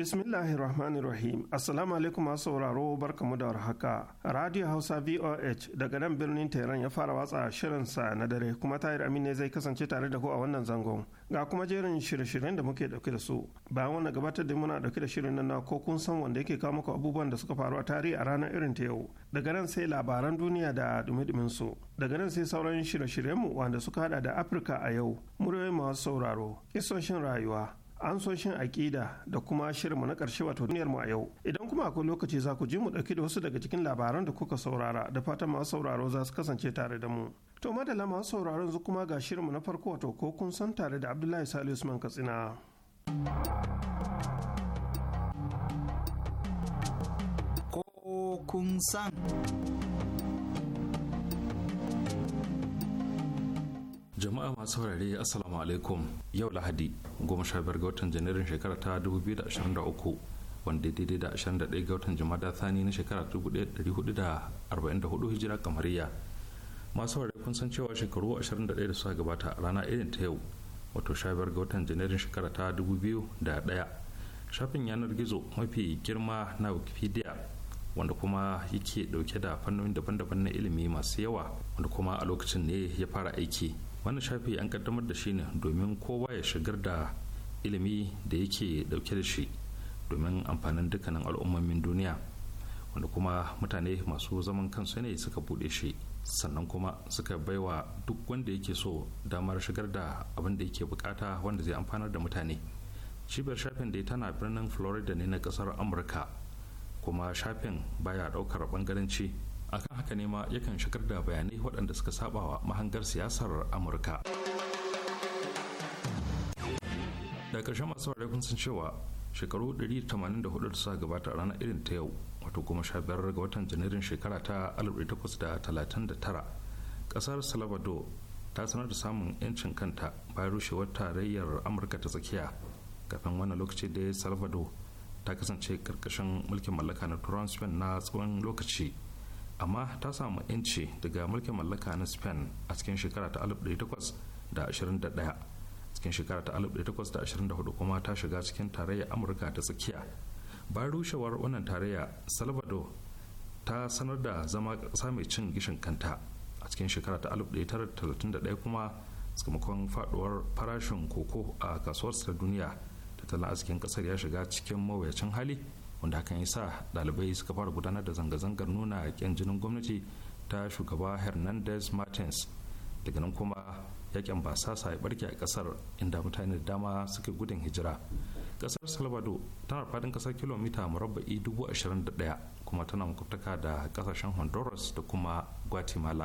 Bismillahir Rahmanir Rahim. Assalamu alaikum masu sauraro barkamu da warhaka. Radio Hausa VOH daga nan birnin Tehran ya fara watsa shirin sa na dare kuma Tahir Amin ne zai kasance tare da ku a wannan zangon. Ga kuma jerin shirye-shiryen da muke dauke da su. Bayan wannan gabatar da muna dauke da shirin nan na ko kun san wanda yake kawo muku abubuwan da suka faru a tarihi a ranar irin ta yau. Daga nan sai labaran duniya da dumi-dumin su. Daga nan sai sauran shirye shiryen mu wanda suka hada da Afirka a yau. muryoyin masu sauraro. Kisoshin rayuwa. An so shin aƙida da kuma shirinmu na ƙarshe wato duniyarmu a yau idan kuma akwai lokaci za ku ji mu ɗauki da wasu daga cikin labaran da kuka saurara da fatan masu sauraro za su kasance tare da mu to madalla masu sauraro yanzu kuma ga shirinmu na farko wato ko kun san tare da abdullahi salisu usman katsina ko kun san jama'a masu saurare assalamu alaikum yau lahadi goma sha biyar ga watan janairun shekara ta 2023 wanda daidai da 21 ga watan jama'a thani na shekara 1444 hijira kamariya masu saurare kun san cewa shekaru 21 da suka gabata rana irin ta yau wato sha biyar ga watan janairun shekara ta 2001 shafin yanar gizo mafi girma na wikipedia wanda kuma yake dauke da fannoni daban-daban na ilimi masu yawa wanda kuma a lokacin ne ya fara aiki wannan shafi an kaddamar da shi ne domin kowa ya shigar da ilimi da yake dauke da shi domin amfanin dukkanin al'ummomin duniya wanda kuma mutane masu zaman kansu ne suka bude shi sannan kuma suka baiwa duk wanda yake so damar shigar da abin da yake bukata wanda zai amfanar da mutane cibiyar shafin da tana birnin florida ne na kasar amurka kuma shafin baya daukar bangaranci akan haka ne ma yakan shigar da bayanai waɗanda suka sabawa mahangar siyasar amurka da ƙarshen masu kun sun cewa shekaru 184 da suka gabata a ranar irin ta yau wato goma sha biyar ga watan janairun shekara ta 1839 ƙasar salvador ta sanar da samun 'yancin kanta bayan rushewar tarayyar amurka ta tsakiya kafin wannan lokaci da salvador ta kasance karkashin mulkin mallaka na turan na tsawon lokaci amma ta samu 'yanci daga mulkin mallaka na spain a cikin shekara ta 1821 cikin shekara ta 1824 kuma ta shiga cikin tarayyar amurka ta tsakiya bayan rushewar wannan tarayya salvador ta sanar da zama ƙasa mai cin gishin kanta a cikin shekara ta 1931 kuma sakamakon faduwar farashin koko a kasuwar duniya tattalin arzikin ƙasar ya shiga cikin mawuyacin hali wanda hakan ya sa dalibai suka fara gudanar da zanga-zangar nuna ƙyan jinin gwamnati ta shugaba hernandez martins daga nan kuma yakin basasa ya barke a kasar inda mutane da dama suka gudun hijira kasar salvador tana faɗin kasar kilomita murabba'i 21 kuma tana makwabtaka da kasashen honduras da kuma guatemala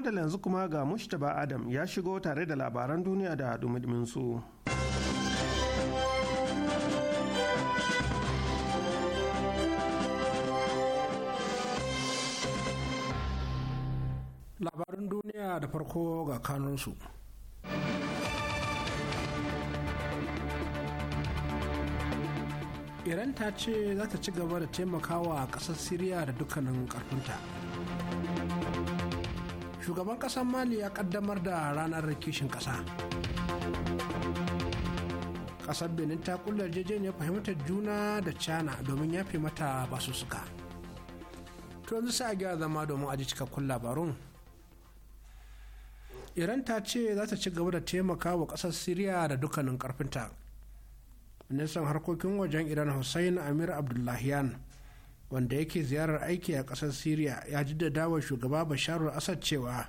madalla yanzu kuma ga Mushtaba Adam ya shigo tare da labaran duniya da su. Labarin duniya da farko ga kanunsu. Iran ta ce za ta ci gaba da taimakawa a ƙasar Siriya da dukkanin ƙarfinta. shugaban ƙasar mali ya ƙaddamar da ranar kishin ƙasa ƙasar benin ta kulla yarjejeniyar fahimtar juna da china domin yafe mata basu suka to yanzu sai a gyara zama domin aji cikakkun labarun iran ta ce za ta ci gaba da taimaka wa ƙasar siriya da dukkanin karfinta ministan harkokin wajen iran hussein amir Abdullahiyan. wanda yake ziyarar aiki a ƙasar syria ya jaddada wa shugaba bashar al-assad cewa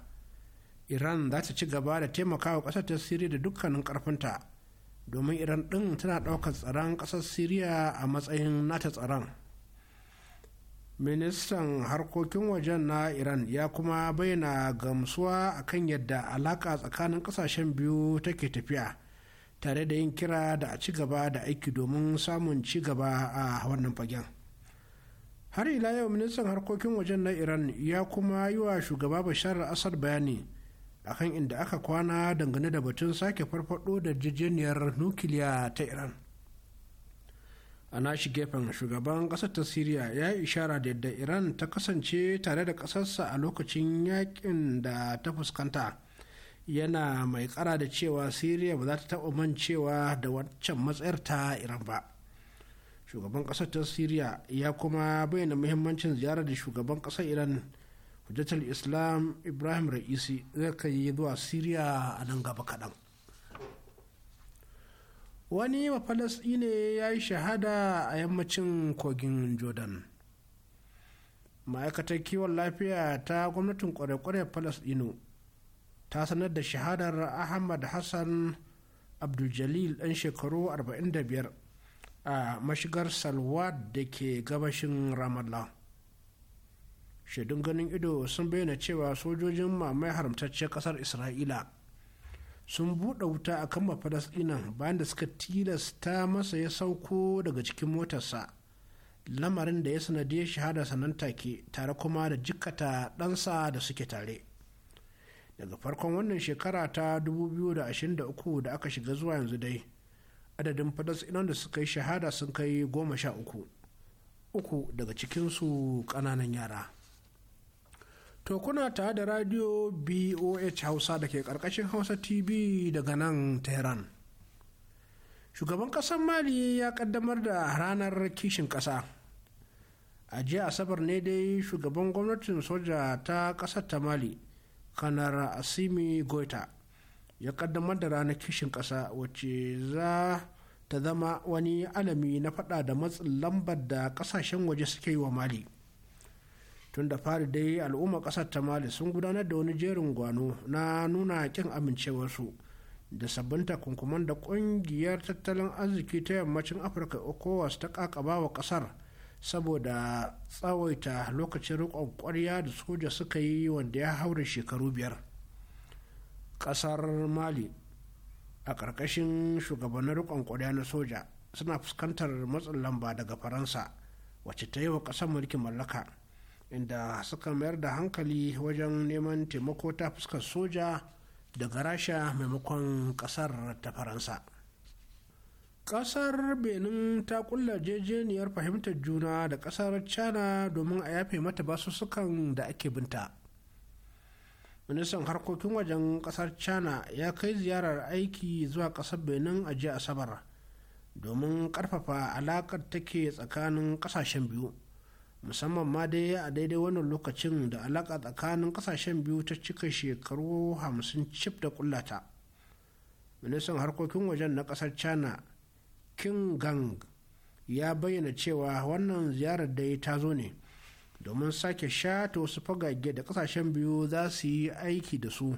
iran za ta ci gaba da taimakawa ƙasar ta syria da dukkanin ƙarfinta domin iran ɗin tana ɗaukar tsaron ƙasar syria a matsayin nata tsaron ministan harkokin wajen na iran ya kuma bayyana gamsuwa akan yadda alaka tsakanin ƙasashen biyu take tafiya tare da yin kira da a ci gaba da aiki domin samun ci gaba a wannan fagen. har ila yau ministan harkokin wajen na iran ya kuma yi wa shugaba bashar assad bayani akan inda aka kwana dangane da batun sake farfado da jijiyar nukiliya ta iran a nashi gefen shugaban kasar ta siriya ya yi ishara da yadda iran ta kasance tare da kasarsa a lokacin yakin da ta fuskanta yana mai kara da cewa siriya ba za ta taba mancewa da waccan matsayar ta iran ba shugaban kasar ta syria ya kuma bayyana muhimmancin ziyarar da shugaban kasar iran hujjatar islam ibrahim ra'isi zai kai zuwa syria a nan gaba kaɗan wani ne ya yi shahada a yammacin kogin jordan ma'aikatar kiwon lafiya ta gwamnatin kware-kware falasɗinu ta sanar da shahadar ahmad hassan abdul-jalil ɗan shekaru 45 a mashigar salwad da ke gabashin ramallah shaidun ganin ido sun bayyana cewa sojojin mamaye haramtaccen kasar isra'ila sun buɗe wuta a kan mafalasɗinan bayan da suka tilasta masa ya sauko daga cikin motarsa lamarin da ya sanadiyar shahada sanan take tare kuma da jikkata ɗansa da suke tare daga farkon wannan shekara ta 2023 da aka shiga zuwa yanzu dai adadin falasɗinan da suka yi shahada sun kai goma sha uku uku daga cikinsu ƙananan yara to kuna tare da radio boh hausa da ke ƙarƙashin hausa tv daga nan tehran shugaban ƙasar mali ya ƙaddamar da ranar kishin ƙasa a jiya asabar ne dai shugaban gwamnatin soja ta ƙasar ta mali kanar asimi goita ya kaddamar da ranar kishin ƙasa wacce za ta zama wani alami na fada da matsin lambar da kasashen waje suke yi wa mali tun da fari dai al'umma kasar ta mali sun gudanar da wani jerin gwano na nuna kin amincewarsu da sabbin takunkuman da kungiyar tattalin arziki ta yammacin afirka ecowas ta kakaba wa kasar saboda tsawaita lokacin rikon kwarya da soja suka yi wanda ya haura shekaru biyar kasar mali a ƙarƙashin shugabannin riƙon ƙwarya na soja suna fuskantar matsin lamba daga faransa wacce ta yi wa ƙasar mulkin mallaka inda suka mayar da hankali wajen neman taimako ta fuskar soja daga rasha maimakon ƙasar ta faransa ƙasar benin ta ƙulla jejeniyar fahimtar juna da ƙasar china domin a yafe mata basussukan da ake binta ministan harkokin wajen kasar china ya kai ziyarar aiki zuwa kasar benin a jiya asabar domin karfafa alakar take tsakanin kasashen biyu musamman ma dai a daidai wannan lokacin da alaka tsakanin kasashen biyu ta cika shekaru hamsin cif da kullata ministan harkokin wajen na kasar china king gang ya bayyana cewa wannan ziyarar dai ta zo ne domin sake shata wasu fagage da kasashen biyu za su yi aiki da su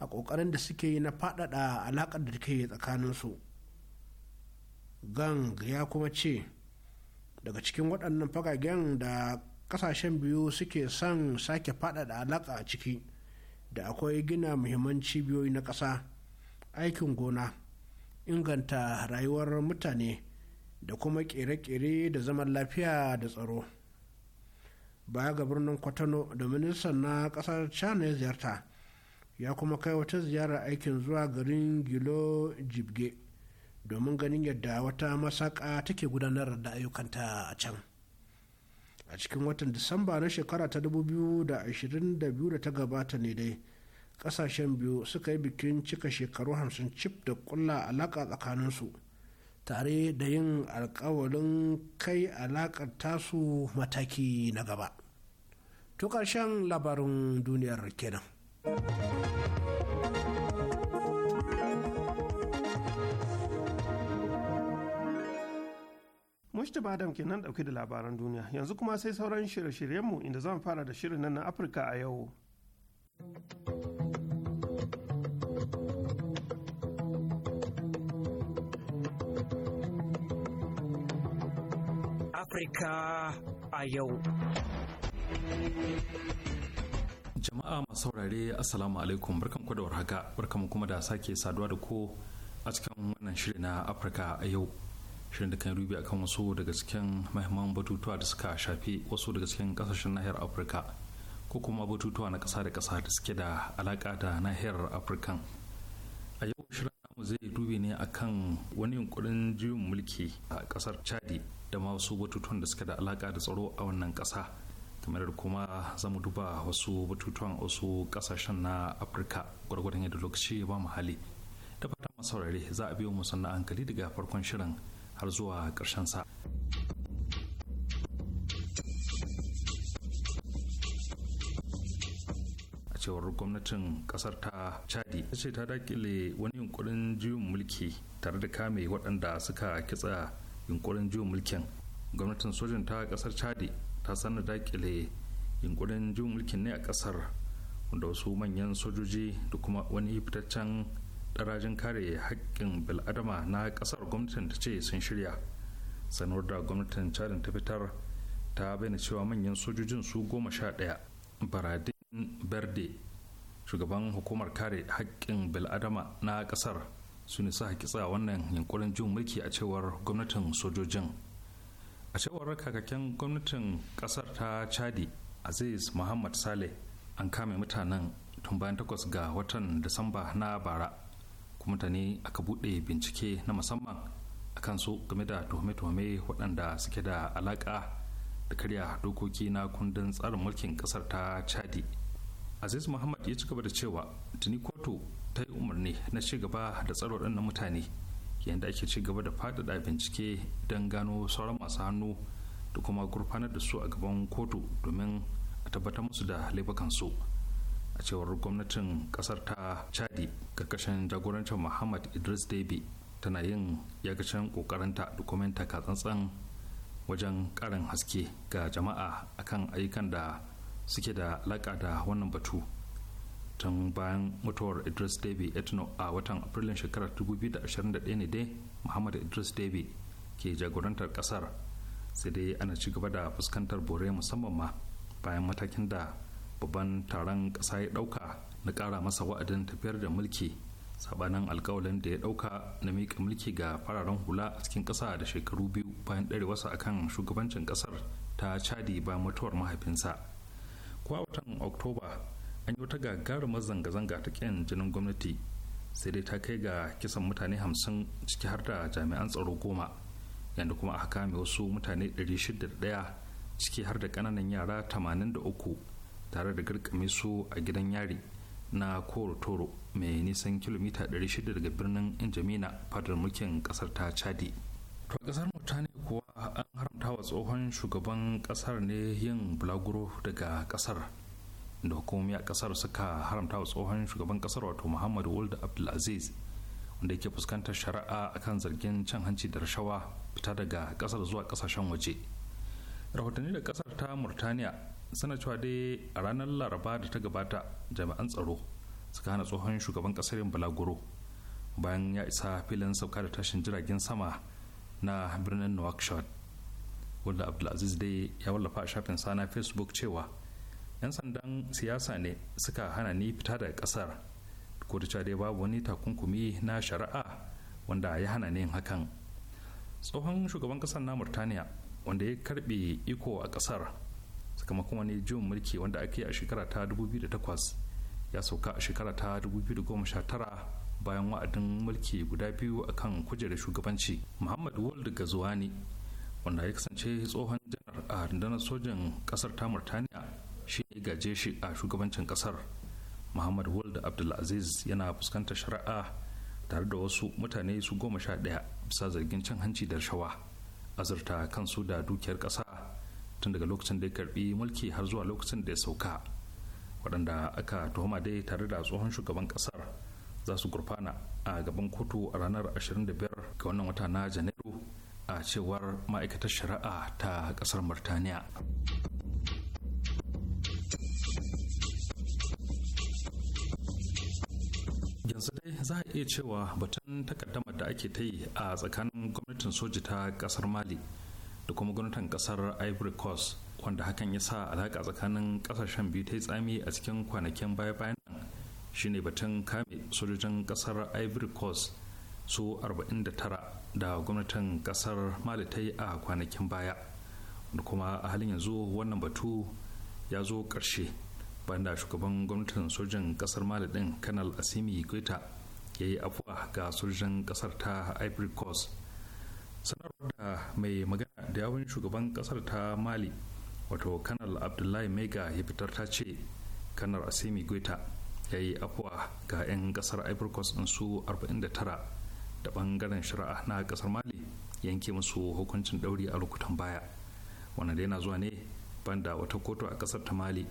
a ƙoƙarin da suke yi na faɗaɗa alaƙar da tsakanin tsakaninsu gang ya kuma ce daga cikin waɗannan fagagen da kasashen biyu suke son sake faɗaɗa alaƙa a ciki da akwai gina muhimman cibiyoyi na ƙasa aikin gona inganta rayuwar mutane da kuma ƙere-ƙere da zaman lafiya da tsaro. baya ga birnin kwatano da ministan na kasar china ya ziyarta ya kuma kai wata ziyarar aikin zuwa garin gilo jibge domin ganin yadda wata masaka take gudanar da ayyukanta a can a cikin watan disamba na shekara ta 2022 da ta gabata ne dai kasashen biyu suka yi bikin cika shekaru 50 cif da kulla alaka tsakaninsu tare da yin alkawarin kai alakar tasu mataki na gaba to ƙarshen labarin duniyar kenan Mustapha Adam nan ɗauke da labaran duniya yanzu kuma sai sauran shirye-shiryenmu inda zan fara da shirin nan na Afirka a yau. Afirka a yau. Jama'a masu saurare Assalamu alaikum barkanku da warhaka barkanku kuma da sake saduwa da ko a cikin wannan shirin na Afirka a yau. Shirin da kan rubi akan wasu daga cikin mahimman batutuwa da suka shafi wasu daga cikin kasashen nahiyar Afirka ko kuma batutuwa na kasa da kasa da suke da alaƙa da nahiyar Afirka. zai dubi ne a kan wani yunkurin juyin mulki a kasar chadi da ma wasu batutuwan da suka da alaka da tsaro a wannan kasa kamar kuma za mu duba wasu batutuwan wasu kasashen na afirka gwargwadon yadda lokaci ba mu hali da fata masaurari za a biyo mu sannan hankali daga farkon shirin har zuwa karshen sa cewar gwamnatin kasar ta chadi ta ce ta dakile wani yunkurin juyin mulki tare da kame waɗanda suka kitsa yunkurin juyin mulkin gwamnatin sojin ta kasar chadi ta sanar dakile yunkurin juyin mulkin ne a kasar wanda wasu manyan sojoji da kuma wani fitaccen darajin kare haƙƙin bil'adama na kasar gwamnatin ta ce sun shirya sanar da gwamnatin chadin ta fitar ta bayyana cewa manyan sojojin su goma sha ɗaya barade berde shugaban hukumar kare haƙƙin bil'adama na ƙasar su ne sa kitsa wannan yankurin jin mulki a cewar gwamnatin sojojin a cewar kakakken gwamnatin ƙasar ta chadi aziz muhammad saleh an kame mutanen tun bayan takwas ga watan disamba na bara kuma mutane aka buɗe bincike na musamman a kansu game da tuhume-tuhume waɗanda suke da alaƙa da karya dokoki na kundin tsarin mulkin ƙasar ta chadi aziz muhammad ya ci gaba da cewa tuni kotu ta yi umarni na ci gaba da tsaro na mutane yadda ake ci gaba da faɗaɗa bincike don gano sauran masu hannu da kuma gurfanar da su a gaban kotu domin a tabbatar musu da laifukansu a cewar gwamnatin kasar ta chadi karkashin jagorancin muhammad idris debi tana yin yagacin kokarinta da kuma tsantsan wajen karin haske ga jama'a akan ayyukan da suke da alaƙa da wannan batu tun bayan mutuwar idris debi etno a watan afrilun shekarar 2021 ne dai muhammad idris debi ke jagorantar kasar sai dai ana ci gaba da fuskantar bore musamman ma bayan matakin da babban taron ƙasa ya ɗauka na ƙara masa wa'adin tafiyar da mulki sabanin alkawalin da ya ɗauka na miƙa mulki ga fararen hula a cikin ƙasa da shekaru biyu bayan ɗarewarsa akan shugabancin ƙasar ta chadi bayan mutuwar mahaifinsa kwa watan oktoba an yi wata gagarumar zanga-zanga ta kyan jinin gwamnati sai dai ta kai ga kisan mutane hamsin ciki har da jami'an tsaro goma yadda kuma aka kame wasu mutane 601 ciki har da ƙananan yara 83 tare da garkame su a gidan yari na koro toro mai nisan kilomita 600 daga birnin injamina fadar mulkin kasar ta chadi to kasar mutane kuwa an haramta wa tsohon shugaban kasar ne yin bulaguro daga kasar da hukumomi a kasar suka haramta wa tsohon shugaban kasar wato muhammadu wald abdulaziz wanda yake fuskantar shari'a akan zargin cin hanci da rashawa fita daga kasar zuwa kasashen waje rahotanni da kasar ta murtaniya suna cewa dai a ranar laraba da ta gabata jami'an tsaro suka hana tsohon shugaban kasar yin bulaguro bayan ya isa filin sauka da tashin jiragen sama na birnin nouakchott wanda abdulaziz dai ya wallafa a shafin sa na facebook cewa 'yan sandan siyasa ne suka hana ni fita daga kasar ko da dai babu wani takunkumi na shari'a wanda ya hana ni hakan tsohon shugaban kasar na murtaniya wanda ya karbe iko a kasar sakamakon wani jin mulki wanda ake a shekara ta 2008 ya sauka a shekara ta 2019 bayan wa'adin mulki guda biyu akan kujerar shugabanci ga wald gazuwani wanda ya kasance tsohon janar a rundunar sojan kasar ta murtaniya shi ya gaje shi a shugabancin kasar muhammadu wald abdulaziz yana fuskantar shari'a tare da wasu mutane su goma sha ɗaya bisa zargin cin hanci da rashawa azurta kansu da dukiyar ƙasa tun daga lokacin da ya karbi mulki har zuwa lokacin da ya sauka waɗanda aka tuhuma dai tare da tsohon shugaban ƙasar za su gurfana a gaban kotu a ranar 25 ga wannan wata na janairu a cewar ma'aikatar shari'a ta kasar murtaniya yanzu dai za a iya cewa batun takaddamar da ake ta yi a tsakanin gwamnatin soji ta kasar mali da kuma gwamnatin kasar ivory coast wanda hakan ya sa alaƙa tsakanin ƙasashen biyu ta yi tsami a cikin kwanakin baya-bayan nan shine batun kame sojojin kasar ivory coast su 49 da gwamnatin kasar mali ta yi a kwanakin baya wanda kuma a halin yanzu wannan batu ya zo ƙarshe banda shugaban gwamnatin sojin kasar mali din kanal asimi goita ya yi afuwa ga sojin kasar ta ivory coast sanarwar da mai magana da yawon shugaban kasar ta mali wato kanal abdullahi mega ya fitar ta ce kanar asimi goita ya yi afuwa ga 'yan kasar ivory coast su 49 da bangaren shari'a na kasar mali yanke musu hukuncin ɗauri a lokutan baya wannan yana zuwa ne banda wata kotu a kasar ta mali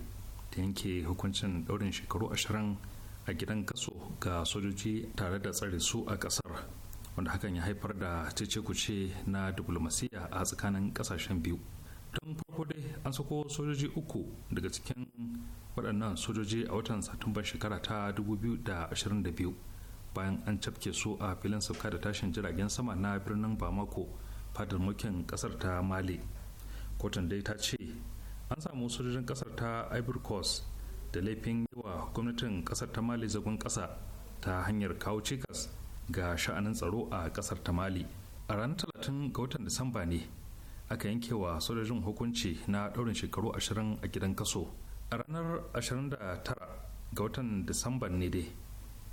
ta yanke hukuncin ɗaurin shekaru ashirin a gidan kaso ga sojoji tare da tsare su a kasar wanda hakan ya haifar da cece kuce na diplomasiya a tsakanin kasashen biyu tun farko dai an sako sojoji uku daga cikin waɗannan sojoji a watan satumban shekara ta 2022 bayan an cafke su a filin sauka da tashin jiragen sama na birnin bamako fadar mulkin kasar ta mali kotun dai ta ce an samu sojojin ƙasar ta ivory da laifin yi gwamnatin ƙasar ta mali zagon ƙasa ta hanyar kawo cikas ga sha'anin tsaro a ƙasar ta mali a ranar talatin ga watan disamba ne aka yanke wa sojojin hukunci na ɗaurin shekaru 20 a gidan kaso a ranar 29 ga watan disamba ne dai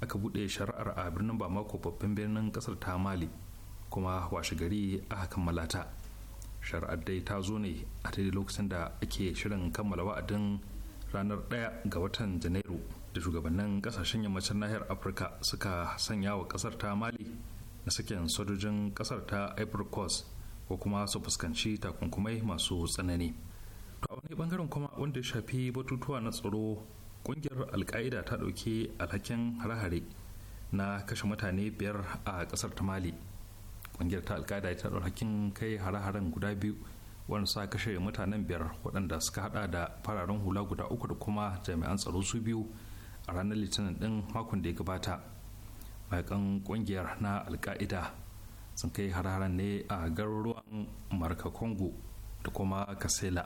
aka buɗe shari'ar a birnin bamako babban birnin ƙasar ta mali kuma washe gari aka kammala ta shari'ar dai ta zo ne a daidai lokacin da ake shirin kammala wa'adin ranar 1 ga watan janairu da shugabannin kasashen yammacin nahiyar afirka suka sanya wa kasar ta mali na sakin sojojin kasar ta ivory coast ko kuma su fuskanci takunkumai masu tsanani a wani bangaren kuma wanda ya shafi batutuwa na tsaro kungiyar alka'ida ta ɗauki alhakin harahare na kashe mutane biyar a ƙasar ta mali kungiyar ta alka'ida ta alhakin kai haraharen guda biyu wanda sa kashe mutanen biyar waɗanda suka hada da fararen hula guda uku da kuma jami'an tsaro su biyu a ranar litinin ɗin makon da ya gabata maikan kungiyar na alka'ida sun kai hararen ne a garuruwan marka congo da kuma kasela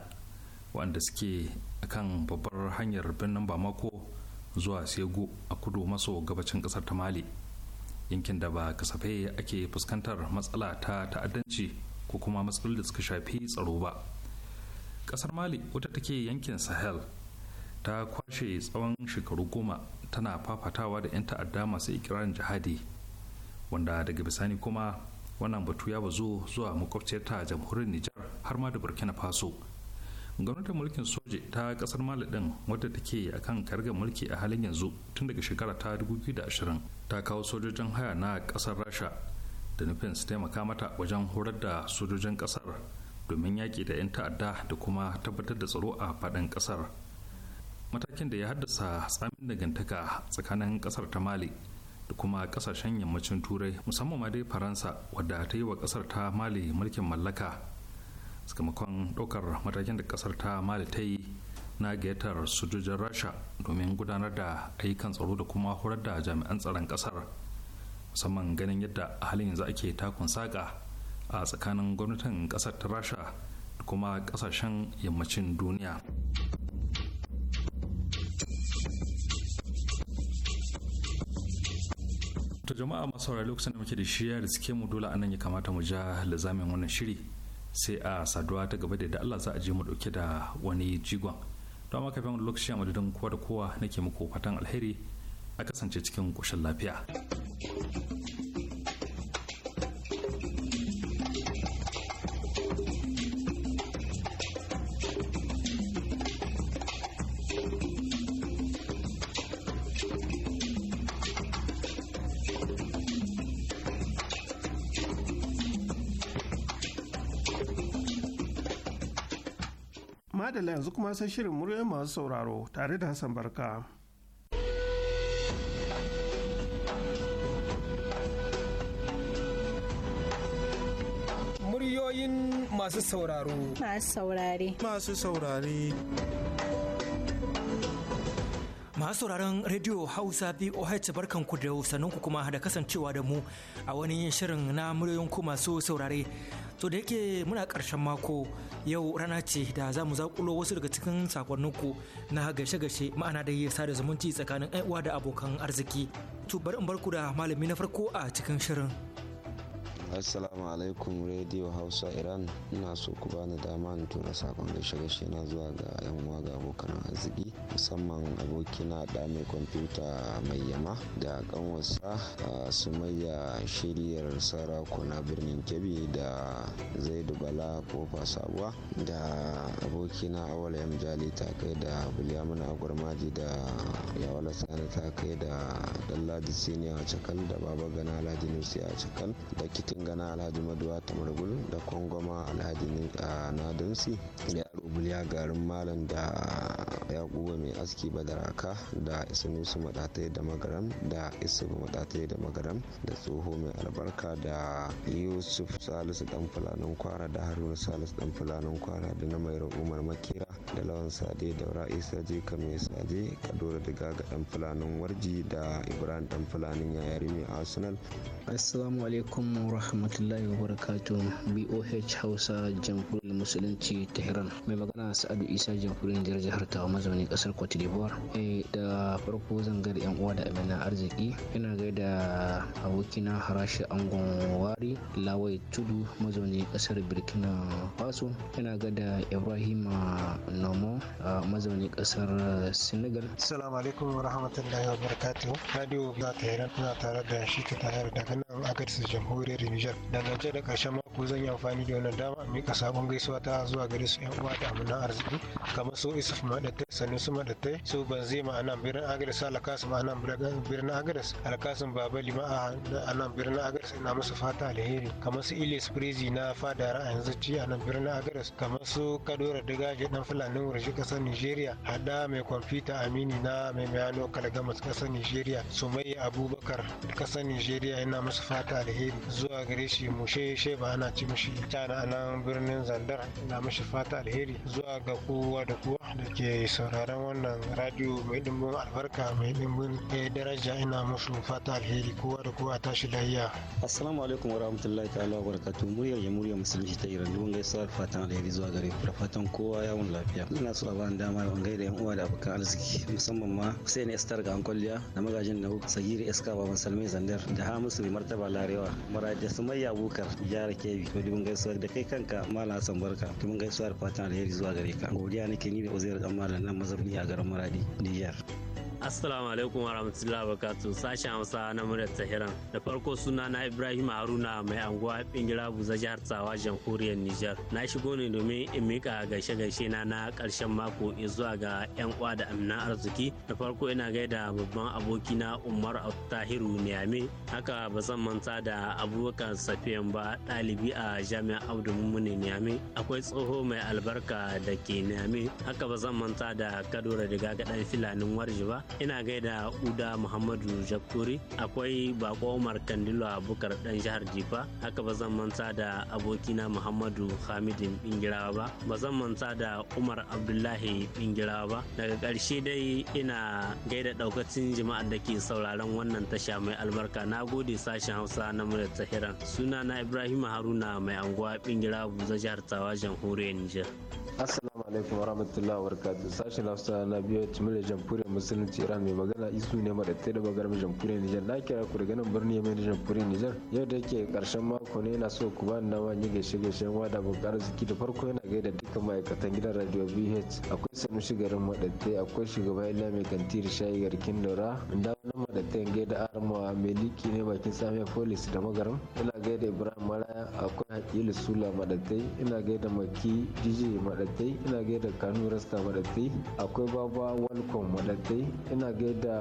wanda suke kan babbar hanyar birnin bamako zuwa sego a kudu maso gabacin kasar ta mali yankin da ba kasafai ake fuskantar matsala ta ta'addanci ko kuma matsalolin da suka shafi tsaro ba kasar mali wata take yankin sahel ta kwashe tsawon shekaru goma tana fafatawa da 'yan ta'adda masu ikirarin jihadi wanda daga bisani kuma wannan batu ya bazu zuwa makwabciyar ta jamhuriyar nijar har ma da burkina faso gwamnatin mulkin soji ta kasar mali din wadda take a kan kargar mulki a halin yanzu tun daga shekara ta 2020 ta kawo sojojin haya na kasar rasha da nufin su taimaka mata wajen horar da sojojin kasar domin yaƙi da 'yan ta'adda da kuma tabbatar da tsaro a faɗin kasar matakin da ya haddasa tsamin dangantaka tsakanin kasar ta mali da kuma kasashen yammacin turai musamman ma dai faransa wadda ta yi wa kasar ta mali mulkin mallaka sakamakon ɗaukar matakin da kasar ta mali ta yi na gayyatar sojojin rasha domin gudanar da ayyukan tsaro da kuma horar da jami'an tsaron kasar musamman ganin yadda a halin yanzu ake takun saƙa a tsakanin gwamnatin kasar ta rasha da kuma kasashen yammacin duniya to jama'a masu saurari lokacin da muke da shirya da suke mu dole anan ya kamata mu ja lizamin wannan shiri sai a saduwa ta gaba da Allah za a je mu dauke da wani jigon don ma kafin lokaci a madadin kowa da kowa nake muku fatan alheri a kasance cikin koshin lafiya. madala yanzu kuma sai shirin murya masu sauraro tare da hassan barka muryoyin masu sauraro masu saurare masu saurare masu sauraron radio hausa boh barkanku da sannan ku kuma da kasancewa da mu a wani shirin na muryoyin ku masu saurare To da yake muna karshen mako yau rana ce da za mu zakulo wasu daga cikin sakonninku na gashe-gashe ma'ana da yi da zumunci tsakanin uwa da abokan arziki. To bari in barku da malami na farko a cikin shirin. assalamu alaikum radio hausa iran ina so ku bani dama in tura sakon gaishe gaishe na zuwa ga yan uwa ga abokan arziki musamman abokina da mai kwamfuta mai yama da kanwarsa sumayya shiriyar na birnin kebbi da zaidu bala kofa sabuwa da abokina awal jali ta kai da bulyamina agwarmaji da yawala sani ta kai da dalladi senior a cakal da baba gana ladi nusi a cakal da kitin gana alhaji maduwa tamargul da kwangwama alhaji nadunsi da yaro ya garin malam da ya guba mai aski badaraka da isinusu matatai da magaram da isubu matatai da magaram da tsoho mai albarka da yusuf salisu dan fulanin kwara da haruna salisu dan fulanin kwara da na mai umar makera da lawan sade da isa ka mai sade kadora da ga dan fulanin warji da ibrahim dan fulanin yayari mai arsenal assalamu alaikum wa rahmatullahi wa barakatu BOH Hausa Jamhuriyar Musulunci Tehran. Mai magana Sa'adu Isa Jamhuriyar Jihar Jihar Tawa mazauni kasar Cote d'Ivoire. Eh da farko zangar yan uwa da amina arziki. Ina gaida abokina Harashi Angon Wari Lawai Tudu mazauni kasar Burkina Faso. Ina gaida Ibrahim Nomo mazauni kasar Senegal. Assalamu alaikum wa rahmatullahi wa barakatuh. Radio za ta yi tare da shi ta tare da kanan agarsu jamhuriyar Nijar. Dangance da ƙarshen mako zan yi amfani da wannan dama a mika sabon gaisuwa ta zuwa gare su 'yan uwa da amanan arziki kamar su Isuf Maɗattai, su Maɗattai, su Banzema a nan birnin Agadas, Alakasim a nan birnin Agadas, Alakasim Baba Lima a nan birnin Agadas ina musu fata alheri kamar su Ilis Prezi na fadara a yanzu ci a nan birnin Agadas kamar su Kadora Dagaje dan Fulani Wurji ƙasar Nijeriya, Hada mai kwamfuta Amini na mai mayano Kalgamas ƙasar Nijeriya, Sumayya Abubakar ƙasar Nijeriya ina musu fata alheri zuwa gare shi mushe ba ana ci mishi ta na nan birnin zandar na mishi fata alheri zuwa ga kowa da kowa da ke sauraron wannan radio mai dimbin albarka mai dimbin eh, daraja ina musu fata alheri kowa da kowa tashi layya assalamu alaikum wa rahmatullahi ta'ala wa barakatuh muryar jamhuriyar musulunci ta iran dubin gaisuwa fatan alheri zuwa gare ku da fatan kowa yawon lafiya ina so a ba dama ban gaida yan uwa da abokan arziki musamman ma Hussein Estar ga kwalliya da magajin Nau Sagiri Eska Baban Salme Zandar da Hamisu Martaba Larewa Maradiya sumayya bukar jihar kebbi to dubin gaisuwa da kai kanka malam hassan barka dubin gaisuwa da fatan alheri zuwa gare ka godiya nake ni da uzair dan malam nan mazabni a garin maradi niger Assalamu alaikum wa rahmatullahi wa barakatuh sashen Hausa na murar Tahiran. Da farko suna na Ibrahim Haruna mai anguwa Bingira Buza jihar Tsawa jamhuriyar Nijar. Na shigo ne domin in mika gaishe-gaishe na na karshen mako zuwa ga 'yan uwa da amina arziki. Da farko ina gaida babban abokina Umar Tahiru Niyame. Haka ba zan manta da abubakar safiyan ba ɗalibi a jami'ar Abdu Mumuni Niyame. Akwai tsoho mai albarka da ke Niyame. Haka ba zan manta da Kadura daga gaɗan filanin warji ba. ina gaida uda muhammadu jakuri akwai bako umar kandilo abubakar dan jihar jifa haka ba zan manta da abokina muhammadu hamidin bingirawa ba ba zan manta da umar abdullahi bingirawa ba daga karshe dai ina gaida daukacin jama'ar da ke sauraron wannan tasha mai albarka na gode sashen hausa na murya tahiran suna na ibrahim haruna mai anguwa bingirawa buza jihar tawa jamhuriyar nijar assalamu alaikum warahmatullahi wabarakatuh sashen hausa na biyu jamhuriyar musulunci musulunci iran mai magana isu ne maɗatai da bagar jamhuriyar nijar na kira ku daga nan birni mai jamhuriyar nijar yau da ke karshen mako ne yana so ku bani dama yin gaishe gaishen wada bukar ziki da farko yana gaida dukkan ma'aikatan gidan radio bh akwai sanu shigarin madatta akwai shugaba ila mai kantiri shayi garkin dora inda madatta maɗatai gaida armawa mai liki ne bakin samiya polis da magaram ina gaida ibrahim maraya akwai hakilu sula maɗatai ina gaida maki dj maɗatai ina gaida kanu rasta maɗatai akwai baba walcom maɗatai ina gaida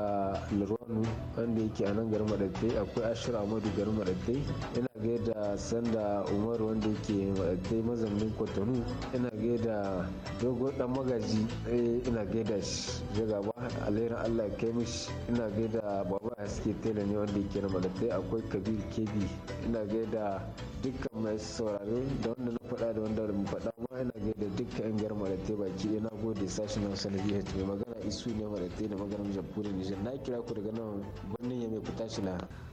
lurwanu wanda yake a nan garin madaddai akwai ashira amadu garin madaddai ina gaida sanda umar wanda yake madaddai mazaunin kwatano ina gaida dogon dan magaji eh, ina gaida shi daga ba alherin allah kai mishi ina gaida baba haske tela ne wanda yake na madaddai akwai kabir kebi ina gaida dukkan mai saurare da wanda na faɗa da wanda mu faɗa ma ina gaida dukkan yan garin madaddai baki ɗaya na gode sashen hausa na bh mai magana isu ne madaddai da magana jamhuriyar Nijar na kira ku daga nan birnin ya mai kuta shi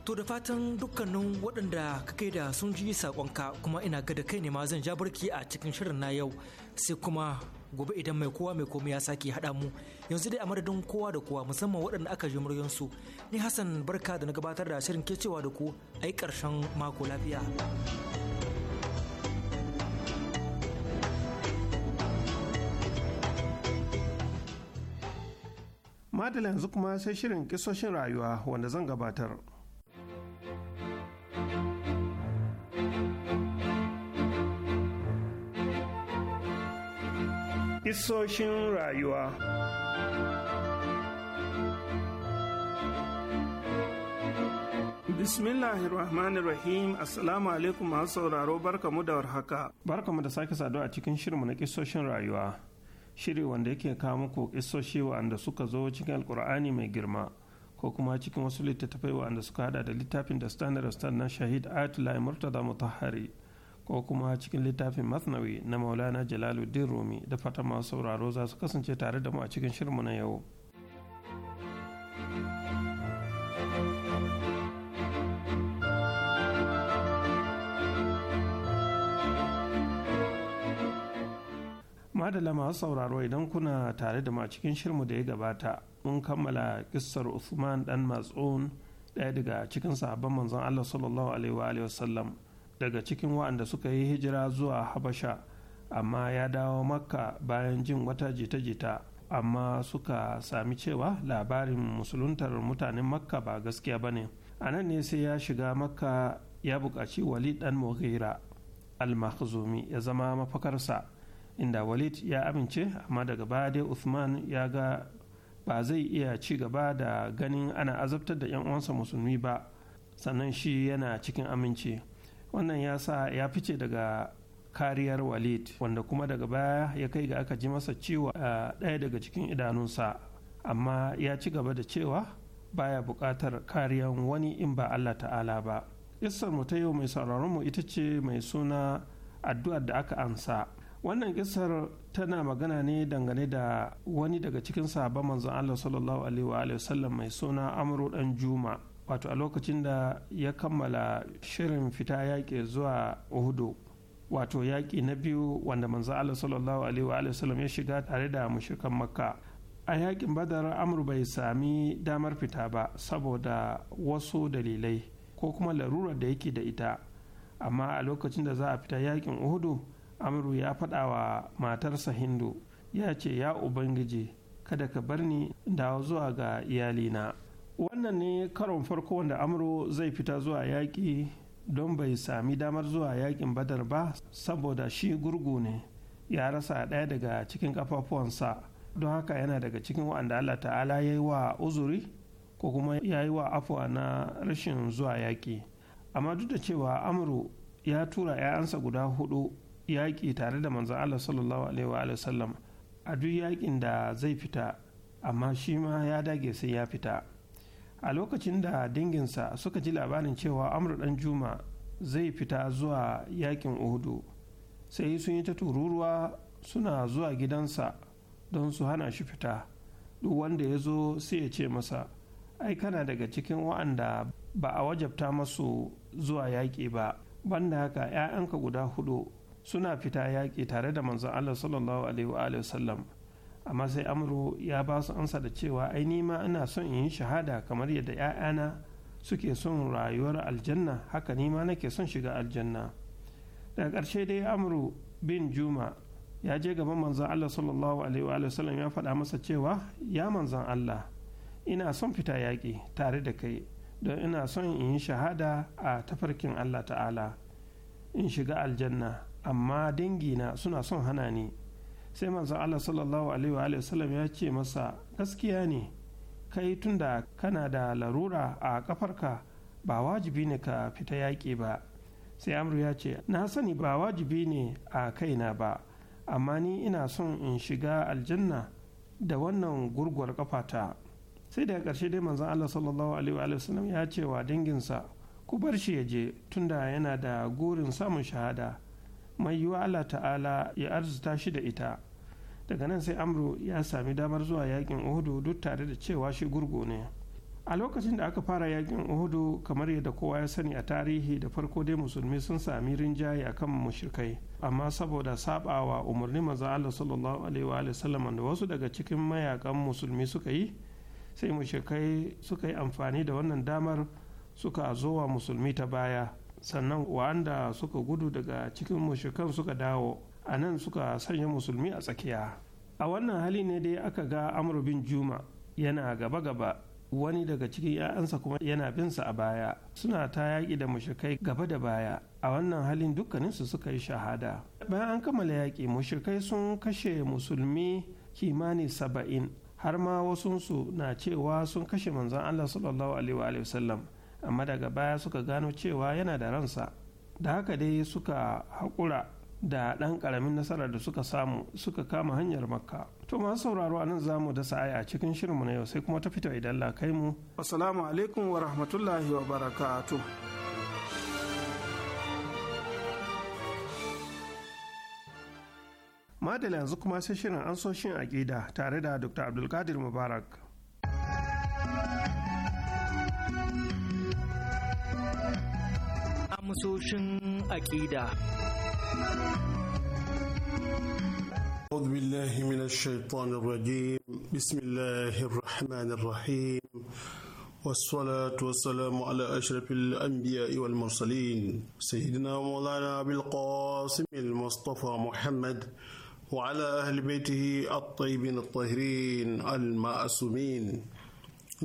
To da fatan dukkanin waɗanda ka kai da sun ji sakonka kuma ina ga da kai ne ma zan ja barki a cikin shirin na yau sai kuma gobe idan mai kowa mai komai ya sake haɗa mu yanzu dai a madadin kowa da kowa musamman waɗanda aka ji muryansu ni Hassan barka da na gabatar da shirin ke cewa da ku ai ƙarshen mako lafiya. da yanzu kuma sai shirin kisoshin rayuwa wanda zan gabatar. Kisoshin rayuwa Bismillahirrahmanirrahim Assalamu alaikum masu sauraro barkamu da warhaka. Barkamu da sake saduwa a cikin shirinmu na kisoshin rayuwa. shiri wanda yake kawo muku kisoshi wa'anda suka zo cikin alkur'ani mai girma ko kuma cikin wasu littattafai wa'anda suka hada da littafin da standard stand na shahid atulai murtada mutahari ko kuma cikin littafin masnawi na maulana jalaluddin rumi da fatan masu sauraro za su kasance tare da mu a cikin shirmu na yau madalama masu sauraro idan kuna tare da ma cikin shirmu da ya gabata mun kammala kissar Uthman dan Mas'un ɗaya daga cikin sahabban manzon Allah sallallahu alaihi wa sallam daga cikin waɗanda suka yi hijira zuwa Habasha amma ya dawo Makka bayan jin wata jita-jita amma suka sami cewa labarin musuluntar mutanen Makka ba gaskiya bane a nan ne sai ya shiga Makka ya buƙaci Walid dan Mughira al-Makhzumi ya zama mafakarsa inda walid ya amince amma daga baya dai usman ya ga ba zai iya ci gaba da ganin ana azabtar da 'yan uwansa musulmi ba sannan shi yana cikin aminci wannan ya sa ya fice daga kariyar walid wanda kuma daga baya ya kai ga aka ji masa ciwo a ɗaya daga cikin idanunsa amma ya ci gaba da cewa baya buƙatar kariyar wani in ba allah ta'ala ba mu ta yau mai sauraron mu ita ce mai suna addu'ar da aka ansa wannan kisar tana magana ne dangane da wani daga cikin sabon manzon Allah sallallahu alaihi wa wasallam mai suna amru dan juma wato a lokacin da ya kammala shirin fita yaƙi zuwa uhudu wato yaƙi na biyu wanda manzon Allah sallallahu alaihi wa wasallam ya shiga tare da mushrikan makka a yaƙin badar amru bai sami damar fita ba saboda wasu dalilai ko kuma larurar da yake da ita amma a lokacin da za a fita yaƙin uhudu amru ya faɗa wa matarsa hindu ya ce ya ubangiji kada ka bar ni dawo zuwa ga iyalina wannan ne karon farko wanda amru zai fita zuwa yaƙi don bai sami damar zuwa yaƙin badar ba saboda shi gurgu ne ya rasa ɗaya daga cikin ƙafafuwansa don haka yana daga cikin wa'anda allah ta'ala ya yi wa uzuri ko kuma ya yi wa afuwa na rashin zuwa yaƙi amma duk da cewa amru ya tura 'ya'yansa guda hudu yaƙi tare da manzon Allah sallallahu alaihi wa a duk yaƙin da zai fita amma shi ma ya dage sai ya fita a lokacin da dinginsa suka ji labarin cewa amru dan juma zai fita zuwa yaƙin uhudu sai sun yi ta tururuwa suna zuwa gidansa don su hana shi fita duk wanda ya zo sai ya ce masa ai kana daga cikin wa'anda ba a wajabta masu zuwa yaƙi ba banda haka 'ya'yanka guda hudu suna fita yaƙi tare da manzon Allah sallallahu alaihi wa sallam amma sai amru ya ba su amsa da cewa ai ni ma ina son in yi shahada kamar yadda 'ya'yana suke son rayuwar aljanna haka ni ma nake son shiga aljanna daga ƙarshe dai amru bin juma ya je gaban manzon Allah sallallahu alaihi wa sallam ya faɗa masa cewa ya manzon Allah ina son fita yaƙi tare da kai don ina son in yi shahada a tafarkin Allah ta'ala in shiga aljanna amma dangina suna son hana ni sai manzo Allah sallallahu alaihi wa sallam ya ce masa gaskiya ne kai tunda kana da larura a kafarka ba wajibi ne ka fita yaƙi ba sai amru ya ce na sani ba wajibi ne a kaina ba amma ni ina son in shiga aljanna da wannan gurguwar kafata sai daga ƙarshe dai manzon Allah sallallahu alaihi wa sallam ya ce wa danginsa ku bar shi ya je tunda yana da gurin samun shahada mai yiwa allah ta'ala ya arzuta shi da ita daga nan sai amru ya sami damar zuwa yakin uhudu duk tare da cewa shi gurgu ne a lokacin da aka fara yakin uhudu kamar yadda kowa ya sani a tarihi da farko dai musulmi sun sami rinjaye akan mushrikai amma saboda sabawa umarnin maza Allah sallallahu alaihi wa sallam da wasu daga cikin mayakan musulmi suka yi sai mushrikai suka yi amfani da wannan damar suka zowa musulmi ta baya sannan wanda suka gudu daga cikin mushrikan suka dawo a nan suka sanya musulmi a tsakiya a wannan hali ne dai aka ga amr bin juma yana gaba-gaba wani daga cikin 'ya'yansa kuma yana bin binsa a baya suna ta yaƙi da mushrikai gaba da baya a wannan halin dukkaninsu suka yi shahada bayan an kammala yaƙi mushrikai sun kashe musulmi kimani saba'in har ma wasunsu na cewa sun kashe manzan allah sallallahu alaihi sallam amma daga baya suka gano cewa yana da ransa da haka dai suka haƙura da ɗan ƙaramin nasarar da suka samu suka kama hanyar makka to masu sauraro a nan za mu dasa aya a cikin shirinmu na yau sai kuma ta fito idan la kai mu assalamu alaikum wa rahmatullahi wa barakatuh madala yanzu kuma sai shirin ansoshin aƙida tare da dr abdulkadir mubarak amsoshin aƙida. أعوذ بالله من الشيطان الرجيم بسم الله الرحمن الرحيم والصلاة والسلام على أشرف الأنبياء والمرسلين سيدنا مولانا أبي القاسم المصطفى محمد وعلى أهل بيته الطيبين الطاهرين المعصومين